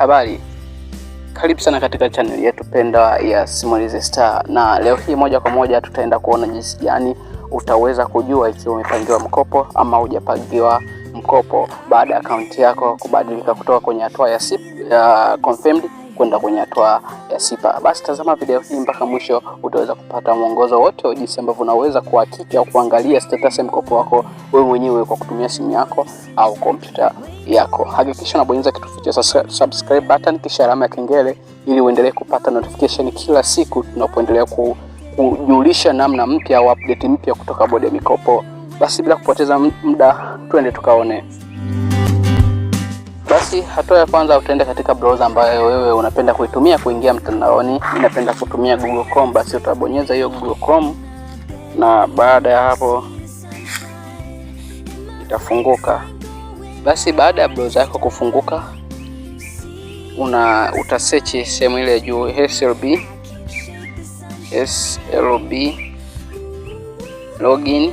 Habari, karibu sana katika chaneli yetu penda ya Simulizi Star, na leo hii moja kwa moja tutaenda kuona jinsi gani utaweza kujua ikiwa umepangiwa mkopo ama hujapangiwa mkopo baada ya akaunti yako kubadilika kutoka kwenye hatua ya SIP, confirmed kwenda kwenye hatua ya eh, sipa. Basi tazama video hii mpaka mwisho, utaweza kupata mwongozo wote wa jinsi ambavyo unaweza kuhakiki au kuangalia status ya mkopo wako wewe mwenyewe kwa kutumia simu yako au kompyuta yako. Hakikisha unabonyeza kitufe cha subscribe button kisha alama ya kengele ili uendelee kupata notification kila siku tunapoendelea ku kujulisha namna mpya au update mpya kutoka bodi ya mikopo. Basi bila kupoteza muda, twende tukaone basi hatua ya kwanza utaenda katika browser ambayo wewe unapenda kuitumia kuingia mtandaoni. Ninapenda kutumia Google Chrome, basi utabonyeza hiyo Google Chrome na baada ya hapo itafunguka. Basi baada ya browser yako kufunguka, una utasearch sehemu ile juu SLB SLB login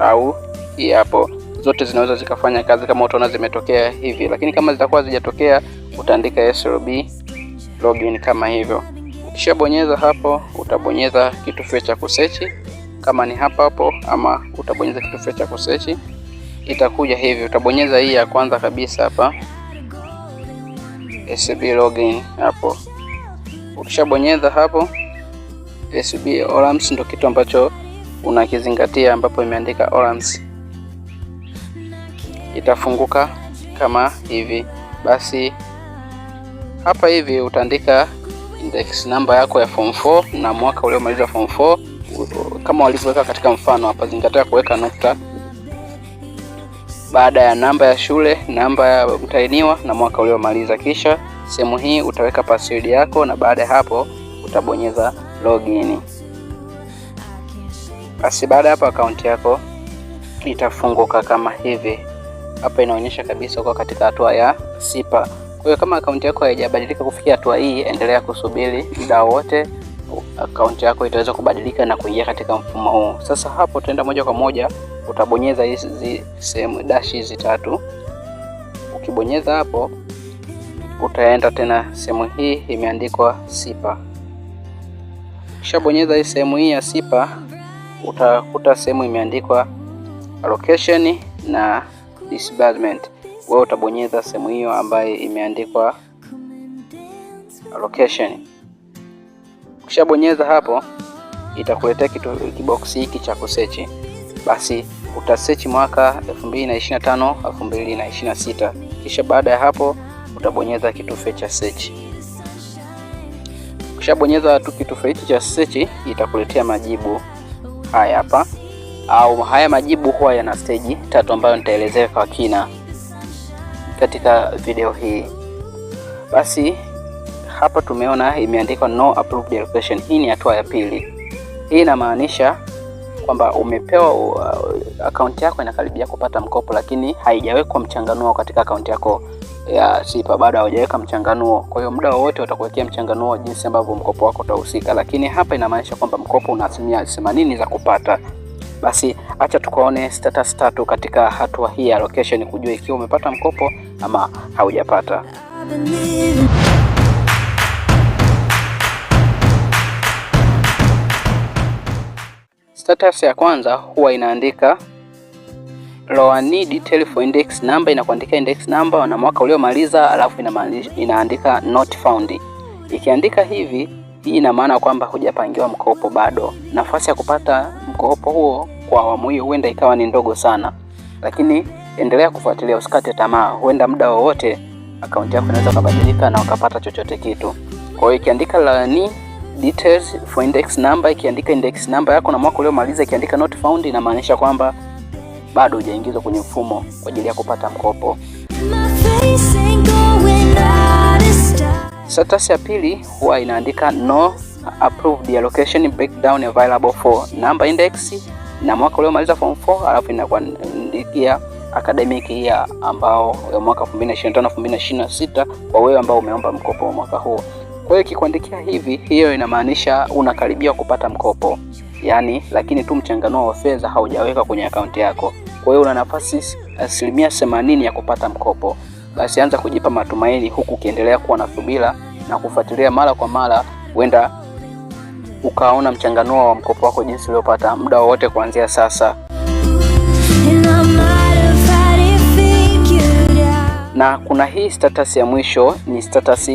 au hii hapo zote zinaweza zikafanya kazi kama utaona zimetokea hivi, lakini kama zitakuwa zijatokea utaandika SLB login kama hivyo. Ukishabonyeza hapo, utabonyeza kitufe cha kusechi kama ni hapa hapo, ama utabonyeza kitufe cha kusechi, itakuja hivi. Utabonyeza hii ya kwanza kabisa hapa SLB login hapo. Ukishabonyeza hapo SLB Orams, ndo kitu ambacho unakizingatia ambapo imeandika Orams itafunguka kama hivi. Basi hapa hivi utaandika index namba yako ya form 4 na mwaka uliomaliza form 4 kama walivyoweka katika mfano hapa. Zingatia kuweka nukta baada ya namba ya shule, namba ya mtainiwa na mwaka uliomaliza. Kisha sehemu hii utaweka password yako, na baada ya hapo utabonyeza login. Basi baada ya hapo akaunti yako itafunguka kama hivi hapa inaonyesha kabisa uko katika hatua ya sipa. Kwa hiyo kama akaunti yako haijabadilika kufikia hatua hii, endelea kusubiri muda wote akaunti yako itaweza kubadilika na kuingia katika mfumo huu. Sasa hapo utaenda moja kwa moja utabonyeza hizi sehemu dashi hizi tatu. Ukibonyeza hapo utaenda tena sehemu hii imeandikwa sipa. Ukishabonyeza hii sehemu hii ya sipa utakuta sehemu imeandikwa location na disbursement, wewe utabonyeza sehemu hiyo ambayo imeandikwa location. Ukishabonyeza hapo, itakuletea kitu kiboksi hiki cha kusearch. basi utasechi mwaka 2025 2026, kisha baada ya hapo utabonyeza kitufe cha search. Ukishabonyeza tu kitufe hiki cha search, itakuletea majibu haya hapa au haya majibu huwa yana stage tatu ambayo nitaelezea kwa kina katika video hii. Basi hapa tumeona imeandikwa no approved allocation. Hii ni hatua ya pili. Hii inamaanisha kwamba umepewa uh, akaunti yako inakaribia kupata mkopo, lakini haijawekwa mchanganuo katika akaunti yako ya SIPA, bado haujaweka mchanganuo. Kwa hiyo muda wowote utakuwekea mchanganuo jinsi ambavyo mkopo wako utahusika, lakini hapa inamaanisha kwamba mkopo una asilimia themanini za kupata basi acha tukaone status tatu katika hatua hii ya location kujua ikiwa umepata mkopo ama haujapata. Status ya kwanza huwa inaandika loan need telephone index number, inakuandikia index number na mwaka uliomaliza, alafu inaandika not found. Ikiandika hivi hii ina maana kwamba hujapangiwa mkopo bado. Nafasi ya kupata mkopo huo kwa awamu hiyo huenda ikawa ni ndogo sana, lakini endelea kufuatilia, usikate tamaa. Huenda muda wowote akaunti yako inaweza kubadilika na ukapata chochote kitu. Kwa hiyo ikiandika la details for index number, ikiandika index number yako na mwaka uliomaliza, ikiandika not found, inamaanisha kwamba bado hujaingizwa kwenye mfumo kwa ajili ya kupata mkopo. Sentensi ya pili huwa inaandika no approved allocation breakdown available for number index na mwaka uliomaliza form 4, alafu inakuandikia academic year ambao ya mwaka 2025 2026 kwa wewe ambao umeomba mkopo wa mwaka huo. Kwa hiyo ikikuandikia hivi, hiyo inamaanisha unakaribia kupata mkopo yaani, lakini tu mchanganuo wa fedha haujaweka kwenye akaunti yako. Kwa hiyo una nafasi asilimia 80 ya kupata mkopo basi anza kujipa matumaini, huku ukiendelea kuwa na subira na kufuatilia mara kwa mara. Huenda ukaona mchanganuo wa mkopo wako jinsi uliopata muda wowote kuanzia sasa. Na kuna hii status ya mwisho, ni status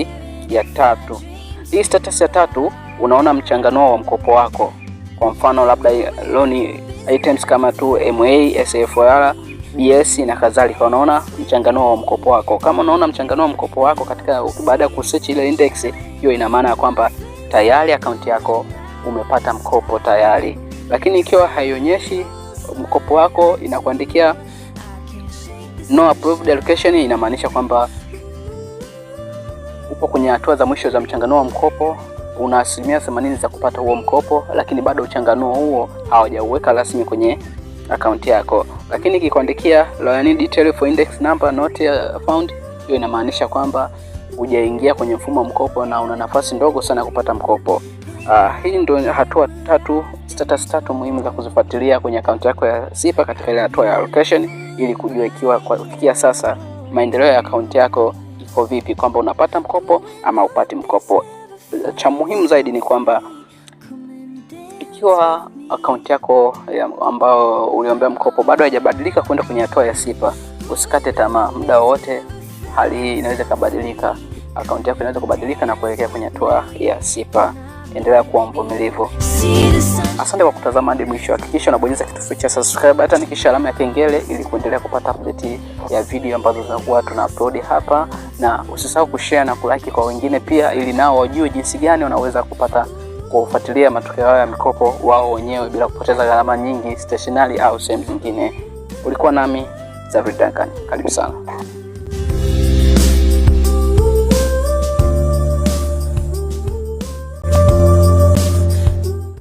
ya tatu. Hii status ya tatu unaona mchanganuo wa mkopo wako, kwa mfano labda loan items kama tu MA, SFR BS na kadhalika. Unaona mchanganuo wa mkopo wako. Kama unaona mchanganuo wa mkopo wako katika baada ya kusearch ile index, hiyo ina maana ya kwamba tayari akaunti yako umepata mkopo tayari. Lakini ikiwa haionyeshi mkopo wako, inakuandikia no approved allocation, inamaanisha kwamba upo kwenye hatua za mwisho za mchanganuo wa mkopo una asilimia themanini za kupata huo mkopo, lakini bado uchanganuo huo hawajauweka rasmi kwenye akaunti yako, lakini ikikuandikia login detail for index number not found, hiyo inamaanisha kwamba hujaingia kwenye mfumo wa mkopo na una nafasi ndogo sana ya kupata mkopo. Uh, hii ndio hatua tatu, status tatu muhimu za kuzifuatilia kwenye akaunti yako ya sipa katika ile hatua ya allocation, ili kujua ikiwa kwa kufikia sasa maendeleo ya akaunti yako iko vipi, kwamba unapata mkopo ama upati mkopo. Cha muhimu zaidi ni kwamba ikiwa akaunti yako ya ambao uliombea mkopo bado haijabadilika kwenda kwenye hatua ya sipa, usikate tamaa. Muda wowote hali hii inaweza ikabadilika, akaunti yako inaweza kubadilika na kuelekea kwenye hatua ya sipa. Endelea kuwa mvumilivu. Asante kwa kutazama hadi mwisho. Hakikisha unabonyeza kitufe cha subscribe, hata nikisha alama ya kengele, ili kuendelea kupata update ya video ambazo zinakuwa tuna upload hapa, na usisahau kushare na kulike kwa wengine pia, ili nao wajue jinsi gani wanaweza kupata kufuatilia matokeo hayo ya mikopo wao wenyewe bila kupoteza gharama nyingi steshonari au sehemu zingine. Ulikuwa nami Zafri karibu sana.